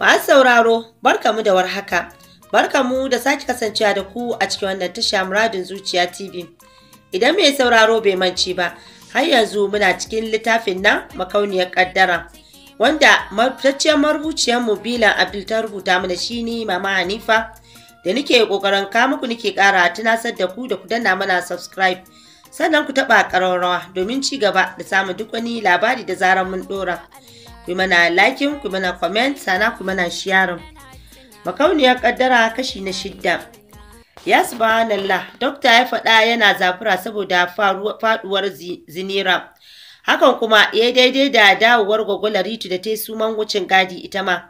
Masu sauraro, barkamu da haka. warhaka. Barkamu da sake kasancewa da ku a cikin wannan tasha muradin zuciya TV. Idan mai sauraro bai manci ba, har yanzu muna cikin littafin nan makauniyar kaddara. Wanda matacciyar marubuciyar mu Bilan Abdul ta rubuta mana shi ni Mama Hanifa da nike kokarin ka muku nike kara tunasar da ku da ku danna mana subscribe. Sannan ku taɓa rawa domin ci gaba da samun duk wani labari da zarar mun ɗora. ku yi mana liking ku yi mana comment sana ku mana sharing makauniyar kaddara kashi na shidda ya subhanallah dokta ya faɗa yana zafura saboda faɗuwar zinira hakan kuma ya daidai da dawowar gwagwalar ritu da ta yi suman wucin gadi ita ma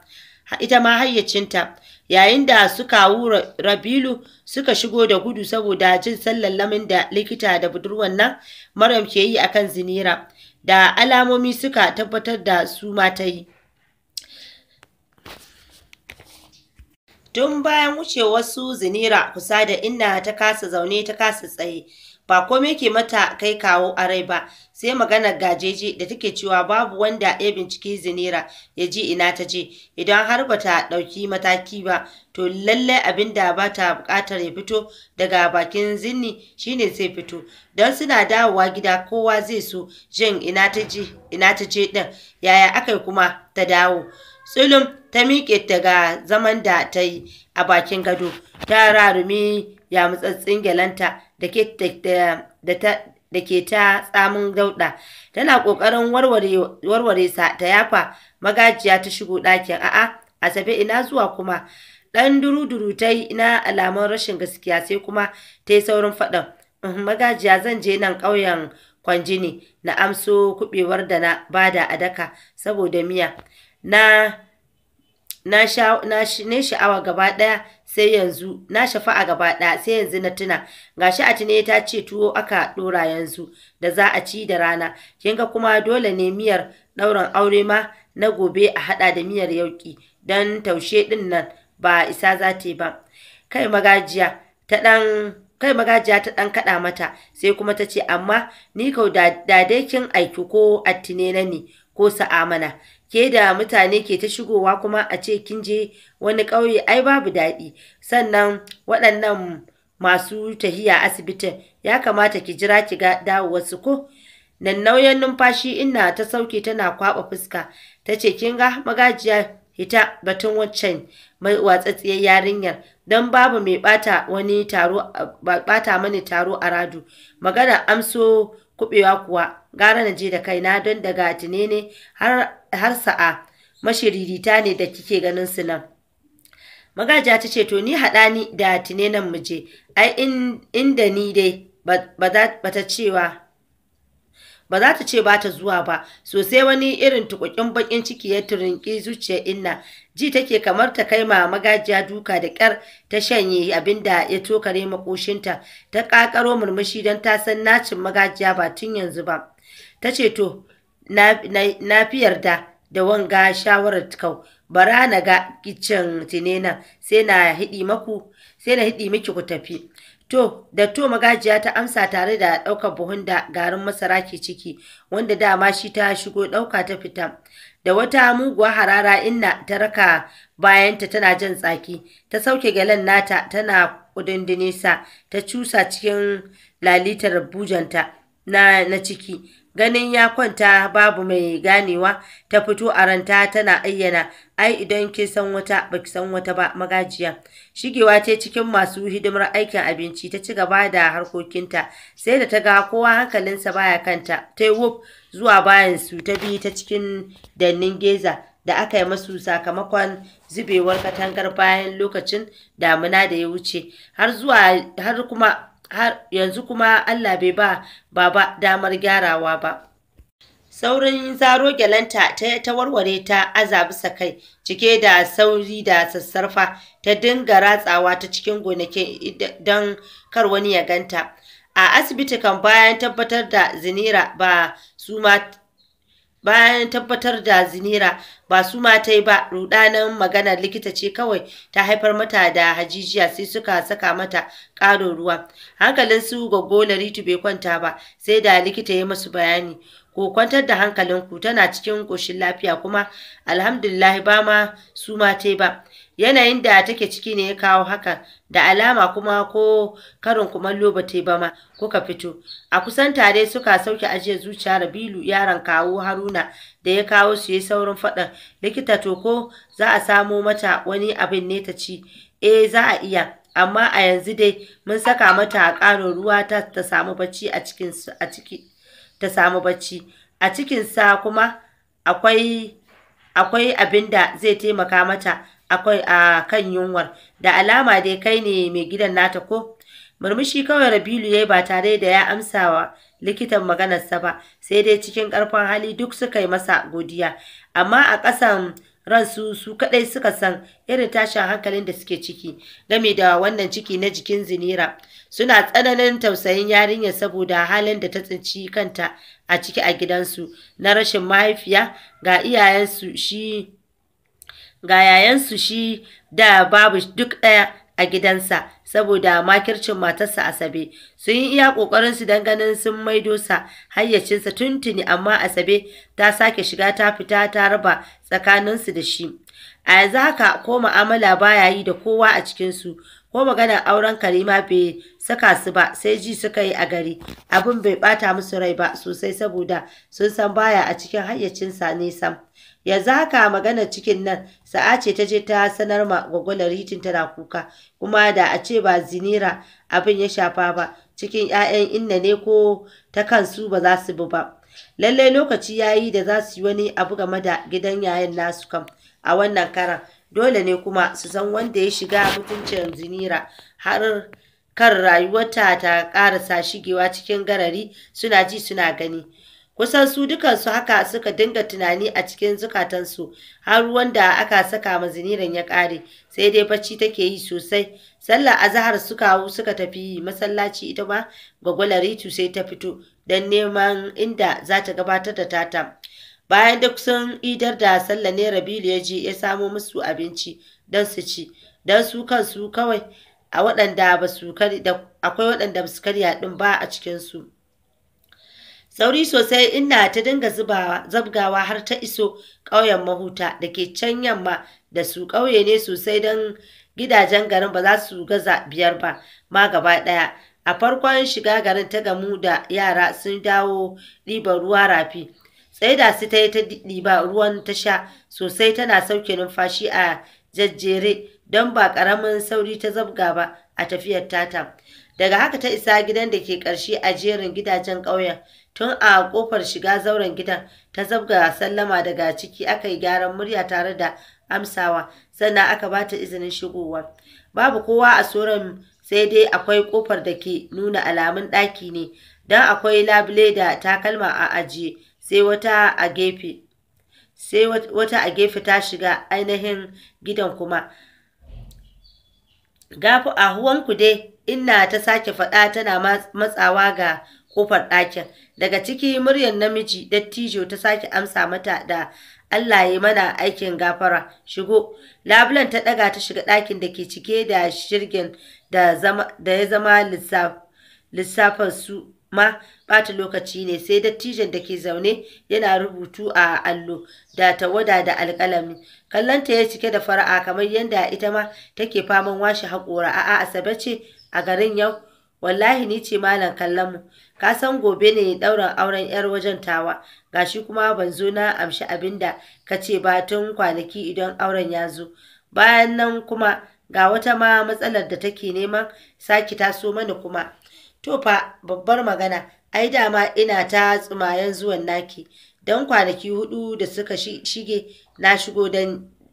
ita ma hayyacinta yayin da suka wura rabilu suka shigo da gudu saboda jin lamin da likita da budurwan nan maryam ke yi akan zinira da alamomi suka tabbatar da su ma ta yi tun bayan wuce wasu zinira kusa da inna ta kasa zaune ta kasa tsaye ba komai ke mata kai kawo a rai ba sai maganar gajeje da take cewa babu wanda ya binciki Zinera ya ji ina ta je idan har ba ta ɗauki mataki ba to lallai abin da ba ta buƙatar ya fito daga bakin zinni shine zai fito don suna dawowa gida kowa zai so jin ina ta je ina ɗin yaya aka kuma ta dawo tsulum ta miƙe daga zaman da ta yi a bakin gado ta rarumi ya matsatsin gyalanta da ke ta tsamin dauɗa tana ƙoƙarin warware sa ta yafa magajiya ta shigo ɗakin a'a a safe ina zuwa kuma ɗan duru-duru ta yi na alamun rashin gaskiya sai kuma ta yi saurin faɗin uhm, magajiya zan je nan ƙauyen kwanjini na amso kuɓewar da na bada a daka saboda miya na na sha'awa gaba ɗaya sai yanzu na shafa'a gaba ɗaya sai yanzu na tuna gashi a tune ta ce tuwo aka ɗora yanzu da za a ci da rana kinga kuma dole ne miyar ɗaurin aure ma na gobe a haɗa da miyar yauƙi don taushe ɗin nan ba isa za ta ba kai magajiya ta ɗan kaɗa mata sai kuma ta ce amma ni kau da dai kin aiki ko attine na ne ko sa'a mana ke da mutane ke ta shigowa kuma a ce kin je wani ƙauye ai babu daɗi sannan waɗannan masu tahiya asibitin ya kamata ki jira ki ga dawowarsu ko nan nauyin numfashi ina ta sauke tana kwaɓa fuska ta ce kin ga magajiya hita batun waccan mai watsatsiyar yarinyar don babu mai bata wani taro mani taro a radu magana amso kuɓewa kuwa gara na je da kaina don daga tine ne har, har sa'a mashiririta ne da kike ganin su nan magaja ta ce to ni haɗa ni da tine nan muje ai inda ni dai ba ta cewa ba za ta ce ba ta zuwa ba sosai wani irin tukukin bakin ciki ya turinki zuciyar inna ji take kamar ta kai ma magajiya duka da kyar ta shanye abinda ya tokare makoshinta ta kakaro murmushi don ta san nacin magajiya ba tun yanzu ba ta ce to na fi yarda da wanga shawarar kau bara na ga kicin tinenan sai na hidi maku sai na hidi miki ku tafi To, da to magajiya ta amsa tare da ɗaukar buhun da garin masara ke ciki, wanda dama shi ta shigo ɗauka ta fita. Da wata muguwa harara inna ta raka bayanta tana jan tsaki, ta sauke galan nata tana kudin nesa ta cusa cikin lalitar bujanta na ciki. Ganin ya kwanta babu mai ganewa ta fito a ranta tana ayyana ai idan ki san wata baki san wata ba magajiya. Shigewa ce cikin masu hidimar aikin abinci ta ci gaba da harkokinta sai da ta ga kowa hankalinsa baya kanta ta yi wuf zuwa bayan su ta bi ta cikin dannin geza da aka yi masu sakamakon zubewar katangar bayan lokacin damuna da ya wuce har kuma har yanzu kuma Allah bai ba baba damar gyarawa ba. Saurin zaro gyalanta ta ta warware ta aza bisa kai cike da sauri da sassarfa ta dinga ratsawa ta cikin gonakin don kar wani ya ganta. A asibiti kan bayan tabbatar da zinira ba su ma bayan tabbatar da zinira ba su matai ba rudanin maganar likita ce kawai ta haifar mata da hajijiya sai suka saka mata ƙarin ruwa hankalin su gogo bai kwanta ba sai da likita ya masu bayani Ko kwantar da hankalinku tana cikin ƙoshin lafiya kuma alhamdulillah ba ma su mate ba yanayin da take ciki ne ya kawo haka da alama kuma ko karin kumallo ba ta ba ma kuka fito a kusan tare suka sauke ajiye zuciya rabilu yaron kawo haruna da ya kawo su yi saurin faɗan likita to ko za a samo mata wani abin ne ta ci eh za a iya amma a yanzu dai mun saka mata a ƙarin ruwa ta samu bacci a ciki ta samu bacci a cikinsa kuma akwai akwai abin da zai taimaka mata akwai a kan yunwar da alama dai kai ne mai gidan nata ko murmushi kawai rabilu ya yi ba tare da ya amsawa likitan maganarsa ba sai dai cikin ƙarfin hali duk suka yi masa godiya amma a ƙasan ransu su kadai suka san irin tashin hankalin da suke ciki game da wannan ciki na jikin zinira suna tsananin tausayin yarinya saboda halin da ta tsinci kanta a ciki a gidansu na rashin mahaifiya ga iyayensu shi ga yayansu shi da babu duk ɗaya a gidansa saboda makircin matarsa Asabe. Sun yi iya ƙoƙarinsu don ganin sun maido sa hayyacinsa tuntuni amma Asabe ta sake shiga ta fita ta raba tsakaninsu da shi. A yanzu haka ko mu'amala baya yi da kowa a cikinsu ko maganar auren Karima bai saka su ba sai ji suka yi a gari abin bai bata musu rai ba sosai saboda sun san baya a cikin hayyacinsa ne sam yanzu haka maganar cikin nan sa'a ce ta je ta sanar ma gwagwalar hitin tana kuka kuma da a ce ba zinira abin ya shafa ba cikin 'ya'yan inna ne ko ta kansu ba za su bi ba lallai lokaci ya yi da za su yi wani abu game da gidan yayan nasu kam a wannan karan dole ne kuma su san wanda ya shiga mutuncin Zinira har kan rayuwarta ta ƙarasa shigewa cikin garari suna ji suna gani. Kusan su dukansu haka suka dinga tunani a cikin zukatansu har wanda aka saka ma ziniran ya ƙare sai dai bacci take yi sosai. Sallar azahar suka hau suka tafi masallaci ita ma gwagwalaritu sai ta fito don neman inda za ta gabatar da tata. Bayan duk sun idar da sallah ne Rabilu ya je ya samo musu abinci don su ci, don su kansu kawai a waɗanda ba su akwai waɗanda ba su karya ɗin ba a cikinsu. Sauri sosai ina ta dinga zubawa zabgawa har ta iso ƙauyen mahuta da ke can yamma da su ƙauye ne sosai don gidajen garin ba za su gaza biyar ba ma gaba ɗaya. A farkon shiga garin ta gamu da yara sun dawo ɗiban ruwa rafi Sai da su ta yi ta ɗiba ruwan ta sha sosai tana sauke numfashi a jajjere don ba ƙaramin sauri ta zabga ba a tafiyar tata. Daga haka ta isa gidan da ke ƙarshe a jerin gidajen ƙauyen tun a ƙofar shiga zauren gidan ta zabga sallama daga ciki aka yi gyaran murya tare da amsawa sannan aka ba ta izinin shigowa. Babu kowa a soron sai dai akwai ƙofar da ke nuna alamun ɗaki ne don akwai labule da takalma a ajiye sai wata a gefe sai wata a gefe ta shiga ainihin gidan kuma gafi a huwanku dai inna ta sake faɗa tana matsawa ga kofar ɗakin daga ciki muryar namiji dattijo ta sake amsa mata da Allah ya mana aikin gafara shigo labulan ta ɗaga ta shiga ɗakin da ke cike da shirgin da ya zama lissafin su ma ɓata lokaci ne sai dattijan da ke zaune yana rubutu a allo da tawada da alƙalami kallonta ya cike da fara'a kamar yadda ita ma take faman washe haƙora a'a asabe ce a garin yau wallahi ni ce malam kallon mu ka san gobe ne ɗaurin auren yar wajen tawa gashi kuma ban zo na amshi abin da ka ce ba tun kwanaki idan auren ya zo bayan nan kuma ga wata ma matsalar da take neman sake taso mana kuma to fa babbar magana ai dama ina ta tsumayen zuwan naki don kwanaki hudu da suka shige na shigo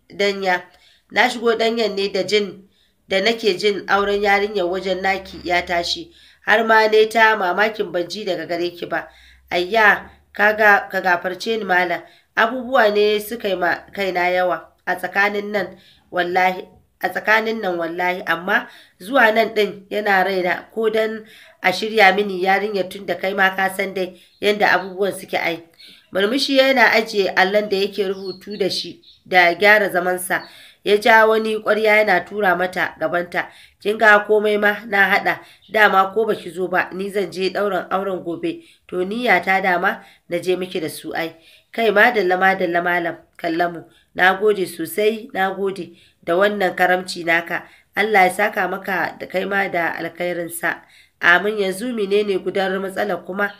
danya na shigo danyan ne da jin da nake jin auren yarinyar wajen naki ya tashi har ma ne ta mamakin banji daga gare ki ba ayya kaga ka gafarce ni malam abubuwa ne suka yi kaina yawa a tsakanin nan wallahi a tsakanin nan wallahi amma zuwa nan ɗin yana raina ko dan a shirya mini yarinyar tun da kai ma ka san dai yadda abubuwan suke ai murmushi yana ajiye allon da yake rubutu da shi da gyara zamansa ya ja wani ƙwarya yana tura mata gabanta kin ga komai ma na haɗa dama ko baki zo ba ni zan je ɗaurin auren gobe to niyya ta dama na je miki da su ai kai ma dalla ma dalla malam kallamu na gode sosai na gode da wannan karamci naka Allah ya saka maka da kai ma da alkhairinsa amin yanzu menene gudanar matsala kuma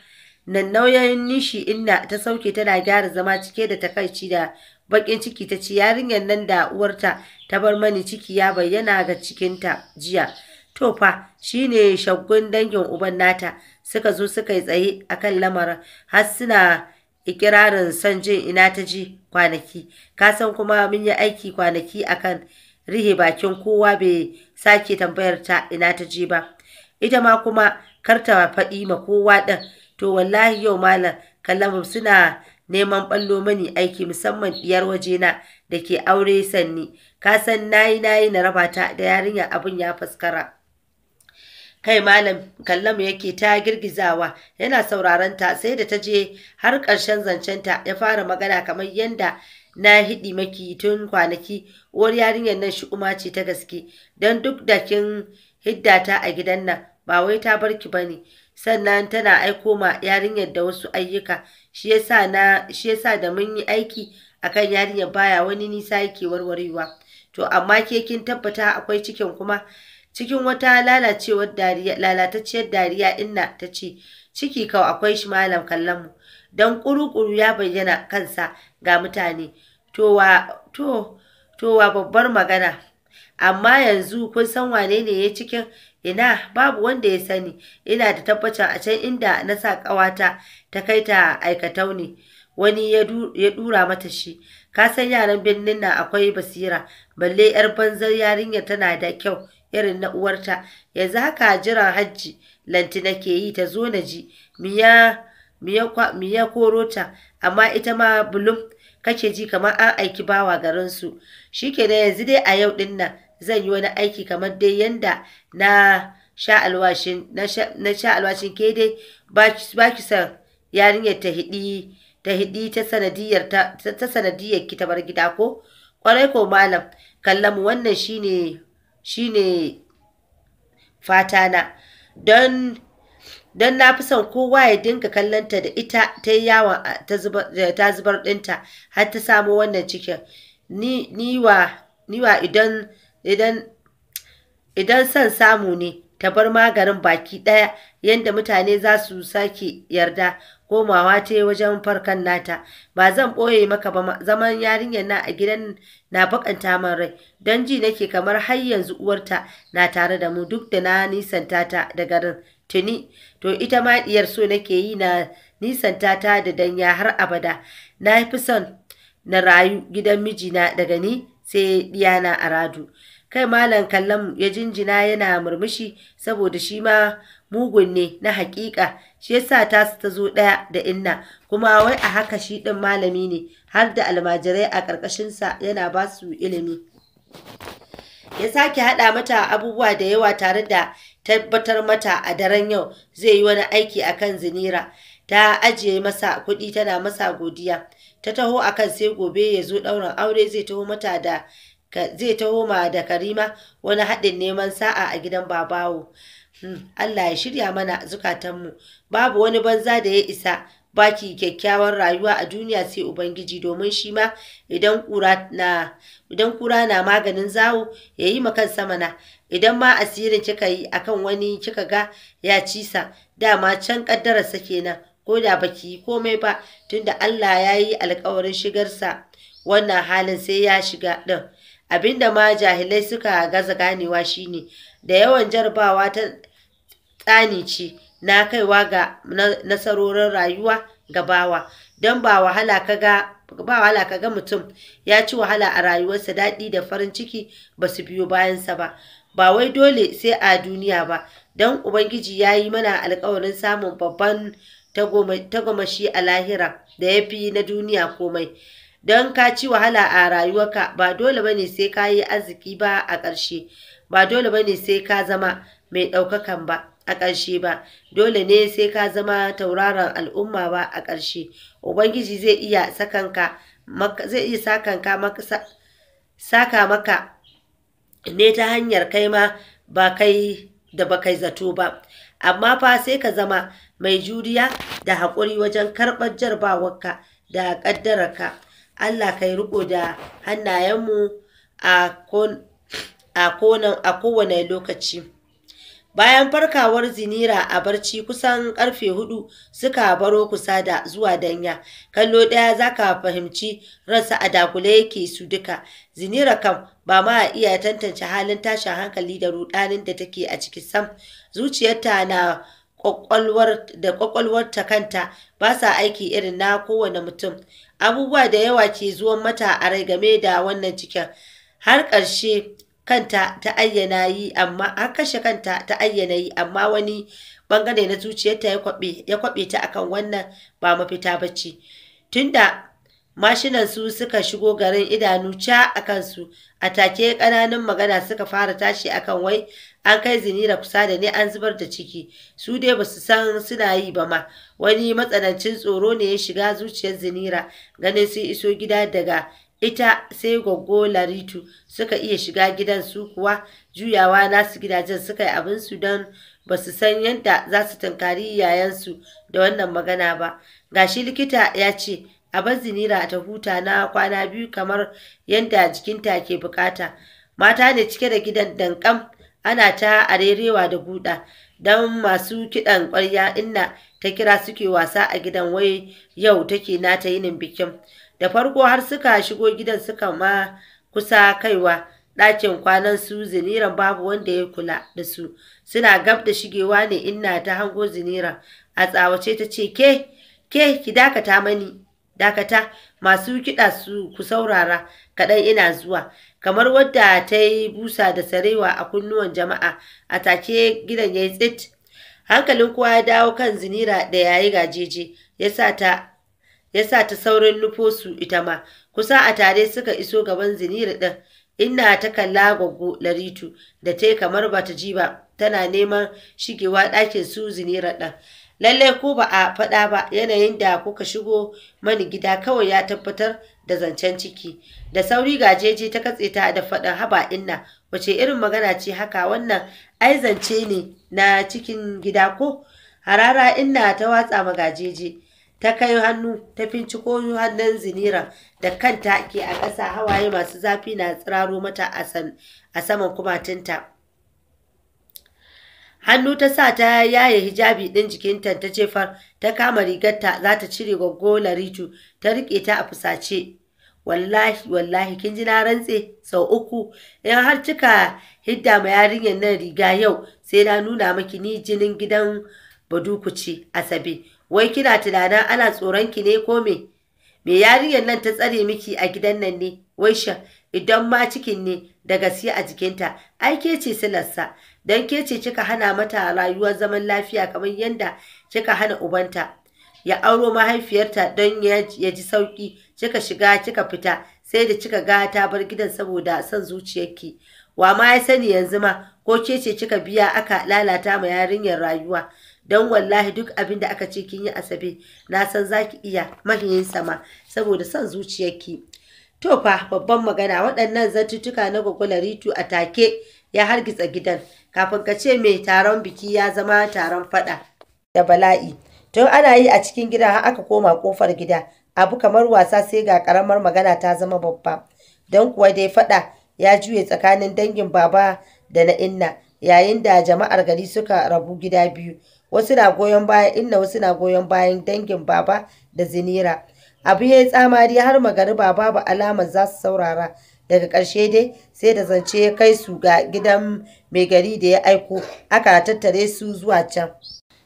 nan nauyin nishi inna ta sauke tana gyara zama cike da takaici da bakin ciki ta ci. yarinyar nan da uwarta ta bar mani ciki ya bayyana ga cikinta jiya to fa shine shaggun dangin uban nata suka zo suka yi tsaye akan lamarin har suna ikirarin son jin ina ta ji kwanaki kasan kuma mun yi aiki kwanaki akan rihe bakin kowa bai sake tambayar ta ina ta ji ba ita ma kuma karta faɗi ma kowa ɗin to wallahi yau malam kallamu suna neman ɓallo mani aiki musamman ɗiyar wajena da ke aure sanni kasan san nayi nayi na raba ta da yarinya abin ya faskara kai malam kallam yake ta girgizawa yana sauraron ta sai da ta je har ƙarshen zancenta ya fara magana kamar yadda na hidi maki tun kwanaki uwar yarinyar nan shi kuma ce ta gaske don duk da kin hiddata a gidan nan ba wai ta bar barki bane sannan tana aiko ma yarinyar da wasu ayyuka shi yasa na shi yasa da mun yi aiki akan yarinyar baya wani nisa yake warwarewa to amma ke kin tabbata akwai cikin kuma cikin wata lalacewar dariya lalatacciyar dariya inna ta ce ciki kau akwai shi malam kallon mu dan kurukuru ya bayyana kansa ga mutane to to towa babbar magana amma yanzu kun san wane ne ya cikin ina babu wanda ya sani ina da tabbacin a can inda na sa ƙawata ta kai ta aikatau ne wani ya dura mata shi ka san yaran birnin nan akwai basira balle yar banzar yarinyar tana da kyau irin na uwarta yanzu haka jiran hajji lanti nake yi ta zo na ji miya koro ta amma ita ma bulum kake ji kamar an aiki bawa garinsu da yanzu dai a yau din zan yi wani aiki kamar dai yanda na sha alwashin ke dai ba ki san yarinyar ta hidi ta hidi sanadiyar ta ki ta bar gida ko kwarai ko malam kallamu wannan shine shi ne fatana don don na fi son kowa ya dinka kallonta da ita ta yi yawon ta zubar ɗinta har ta samu wannan cikin niwa idan idan son samu ne ta bar maganin baki ɗaya yadda mutane za su sake yarda komawa ce wajen farkan nata ba zan ɓoye maka ba zaman yarinyar na a gidan na bakanta min rai don ji nake kamar har yanzu uwarta na tare da mu duk da na nisanta ta da garin tuni to ita ma diyar so nake yi na nisanta ta da danya har abada na fi son na rayu gidan mijina daga ni sai diyana a radu kai malam kallon ya jinjina yana murmushi saboda shi ma mugun ne na haƙiƙa shi yasa tasu ta zo ɗaya da inna kuma wai a haka shi ɗin malami ne har da almajirai a ƙarƙashinsa yana ba su ilimi ya sake haɗa mata abubuwa da yawa tare da tabbatar mata a daren yau zai yi wani aiki akan zinira ta ajiye masa kuɗi tana masa godiya ta taho akan sai gobe ya zo ɗaurin aure zai taho mata da zai taho ma da karima wani haɗin neman sa'a a gidan babawo Allah ya shirya mana zukatanmu babu wani banza da ya isa baki kyakkyawar rayuwa a duniya sai ubangiji domin shi ma idan kura na maganin zawo ya yi makan samana idan ma asirin kika yi akan wani kika ga ya cisa dama can kaddararsa kenan ko da baki yi komai ba tunda Allah ya yi alkawarin shigarsa wannan halin sai ya shiga ɗin abinda ma jahilai suka gaza ganewa shine da yawan jarabawa ta tsani ce na kaiwa ga nasarorin rayuwa ga bawa don ba wahala ka ga ba wahala kaga mutum ya ci wahala a rayuwarsa daɗi da farin ciki ba su biyo bayansa ba ba wai dole sai a duniya ba don ubangiji ya yi mana alkawarin samun babban tagomashi a lahira da ya fi na duniya komai don ka ci wahala a rayuwarka ba dole bane sai ka yi arziki ba a ƙarshe ba dole bane sai ka zama mai ɗaukakan ba a ƙarshe ba dole ne sai ka zama tauraron al'umma ba a ƙarshe ubangiji zai iya saka maka ne ta hanyar kai ma ba kai da ba kai zato ba amma fa sai ka zama mai juriya da haƙuri wajen karɓar jarbawarka da ƙaddararka allah kai riko da hannayenmu a kowane lokaci Bayan farkawar Zinira a barci kusan karfe hudu suka baro kusa da zuwa danya. Kallo ɗaya za ka fahimci ransa a dakule yake su duka. Zinira kam ba ma iya tantance halin tashin hankali da rudanin da take a ciki sam. Zuciyarta na da ta kanta ba sa aiki irin na kowane mutum. Abubuwa da yawa ke zuwan mata a rai game da wannan cikin. Har ƙarshe kanta ta ayyana yi amma kashe kanta ta ayyana yi amma wani bangare na zuciyarta ya kwabe ya kwabe ta akan wannan ba mafita bacci tunda mashinan su suka shigo garin idanu ca a su a take ƙananan magana suka fara tashi akan wai an kai zinira kusa da ne an zubar da ciki su dai basu san suna yi ba ma wani matsanancin tsoro ne ya shiga zuciyar zinira ganin sun iso gida daga ita sai goggo laritu suka iya shiga gidan su kuwa juyawa nasu gidajen suka yi abinsu don ba su san yadda za su tunkari yayansu da wannan magana ba ga shi likita ya ce a bar zinira ta huta na kwana biyu kamar yadda jikinta ke bukata mata ne cike da gidan dankam ana ta arerewa da buɗa don masu kiɗan ƙwarya inna ta kira suke wasa a gidan wai yau take nata yinin bikin da farko har suka shigo gidan suka ma kusa kaiwa ɗakin kwanan su ziniran babu wanda ya kula da su suna gab da shigewa ne inna ta hango ziniran a tsawace ta ce ke ke ki dakata mani dakata masu kiɗa su ku saurara kaɗan ina zuwa kamar wadda ta yi busa da sarewa a kunnuwan jama'a a take gidan ya yi tsit hankalin kowa ya dawo kan zinira da yayi gajeje ya sa ta ya sa ta saurin nufo ita ma kusa a tare suka iso gaban ziniri ɗin Ina ta kalla gwaggo laritu da ta kamar ba ta ji ba tana neman shigewa ɗakin su zinira ɗin. lalle ko ba a faɗa ba yanayin da kuka shigo mani gida kawai ya tabbatar da zancen ciki da sauri gajeje ta katse ta da faɗin haba inna wace irin magana ce haka wannan ai zance ne na cikin gida ko harara inna ta watsa magajeje ta kai hannu ta finciko hannun zinira da kanta ke a ƙasa hawaye masu zafi na tsiraro mata a saman kumatinta hannu ta sa ta yaye hijabi ɗin jikinta ta jefar ta kama rigarta za ta cire gwaggona ritu ta riƙe ta a fusace wallahi wallahi kin ji na rantse sau uku in har kika hidda ma yarinyar nan riga yau sai na nuna maki ni jinin gidan baduku ce asabe wai kina tunanin ana tsoron ki ne ko me me yarinyar nan ta tsare miki a gidan nan ne wai sha idan ma cikin ne da gaske a jikinta ai ke ce silarsa don ke ce kika hana mata rayuwar zaman lafiya kamar yadda kika hana ubanta ya auro mahaifiyarta don ya ji sauki kika shiga kika fita sai da kika ga ta bar gidan saboda son zuciyarki wa ma ya sani yanzu ma ko ke ce kika biya aka lalata ma yarinyar rayuwa don wallahi duk abin da aka ce kin yi asabe na san za ki iya mahiyin sama saboda son zuciyarki to fa babban magana waɗannan zatuttuka na gwagwalaritu a take ya hargitsa gidan kafin ka ce mai taron biki ya zama taron faɗa da bala'i tun ana yi a cikin gida har aka koma kofar gida abu kamar wasa sai ga karamar magana ta zama babba don kuwa dai faɗa ya juye tsakanin dangin baba da na inna yayin da jama'ar gari suka rabu gida biyu wasu na goyon baya inna wasu na goyon bayan dangin baba da zinira abu ya yi tsamari har magariba babu alamar za su saurara daga ƙarshe dai sai da zance ya kai su ga gidan mai gari da ya aiko aka tattare su zuwa can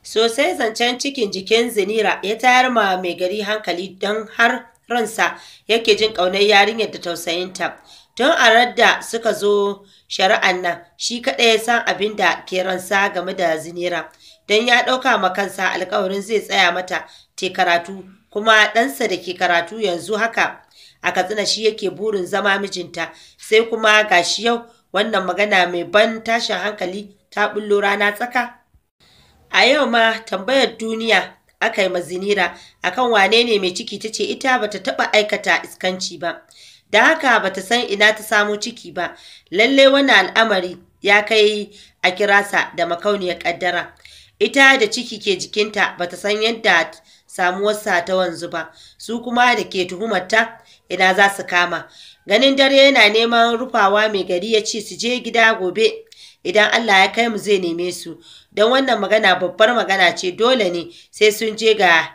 sosai zancen cikin jikin zinira ya tayar ma mai gari hankali don har ransa yake jin ƙaunar yarinyar da tausayinta tun a radda suka zo shari'an nan shi kaɗai ya san abin da ke ransa game da zinira don ya ɗauka ma kansa alkawarin zai tsaya mata te karatu kuma ɗansa da ke karatu yanzu haka a katsina shi yake burin zama mijinta sai kuma ga shi yau wannan magana mai ban tashin hankali ta bullo rana tsaka a yau ma tambayar duniya aka yi mazinira akan wane ne mai ciki ta ce ita bata taɓa aikata iskanci ba da haka bata san ina ta samo ciki ba Lallai wani al'amari ya kai a kirasa da makauniyar ƙaddara ita da ciki ke jikinta ba ta san yadda samuwarsa ta wanzu ba su kuma da ke tuhumarta ina za su kama ganin dare yana neman rufawa mai gari ya ce su je gida gobe idan Allah ya kai mu zai neme su don wannan magana babbar magana ce dole ne sai sun je ga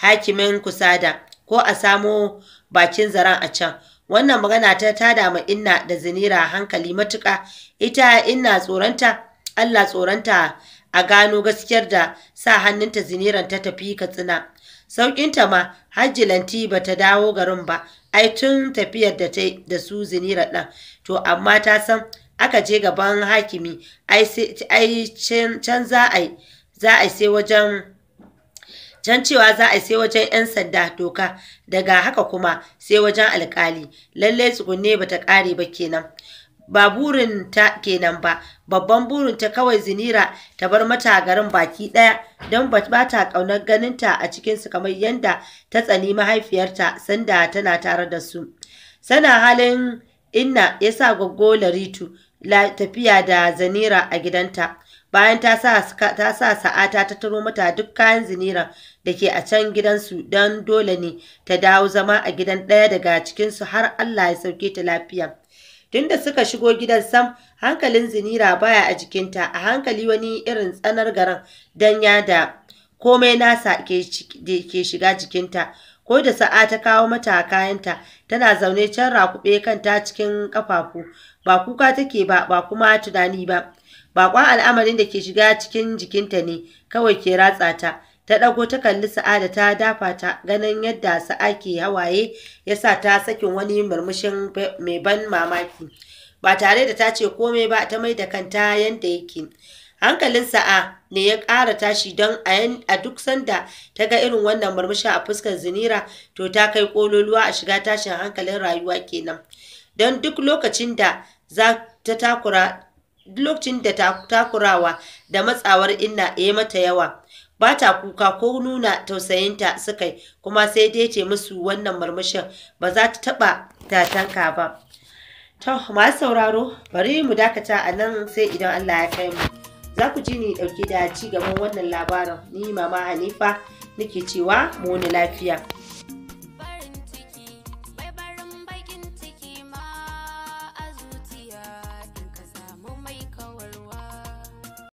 hakimin kusada ko a samo bakin zaren a can wannan magana ta tada ma inna da zinira hankali matuka ita inna tsoronta Allah tsoronta a gano gaskiyar da sa hannunta ziniran ta tafi katsina sauƙinta ma hajjilanti ba ta dawo garin ba ai tun tafiyar da ta da su zinira ɗan to amma ta san aka je gaban hakimi ai can za a yi sai wajen can cewa za a sai wajen 'yan sanda doka daga haka kuma sai wajen alkali lallai tsugunne ta ƙare ba kenan ba burin ta kenan ba babban burin ta kawai zinira ta bar mata garin baki daya don ba ta kaunar ganinta a cikinsu kamar yadda ta tsani mahaifiyarta sanda tana tare da su sana halin inna ya sa laritu la tafiya da zinira a gidanta bayan ta sa sa'ata ta taro mata duk kayan zinira da ke a can gidansu don dole ne ta dawo zama a gidan ɗaya daga cikinsu har allah ya sauke ta lafiya Tunda suka shigo gidan Sam, hankalin Zinira baya a jikinta, a hankali wani irin tsanar garan danya da komai nasa ke shiga jikinta. Ko da sa'a ta kawo mata kayanta, tana zaune can rakuɓe kanta cikin ƙafafu, ba kuka take ba, ba kuma tunani ba. Baƙon al'amarin da ke shiga cikin jikinta ne kawai ke ratsa ta, ta ɗago ta kalli sa'ada ta dafa ta ganin yadda sa'a ke hawaye ya sa ta sakin wani murmushin mai ban mamaki ba tare da ta ce komai ba ta mai da kanta yadda yake hankalin sa'a ne ya ƙara tashi don a duk sanda ta ga irin wannan murmushin a fuskar zinira to ta kai ƙololuwa a shiga tashin hankalin rayuwa kenan don duk lokacin da za ta takura lokacin da takurawa da matsawar inna ya mata yawa ba ta kuka ko nuna tausayinta suka yi kuma sai dai ce musu wannan marmashin. ba za ta taɓa tatanka ba to masu sauraro bari mu dakata a nan sai idan allah ya kai mu za ku ji ni ɗauke da ci gaban wannan labarin ni mama hanifa nake cewa mu wani lafiya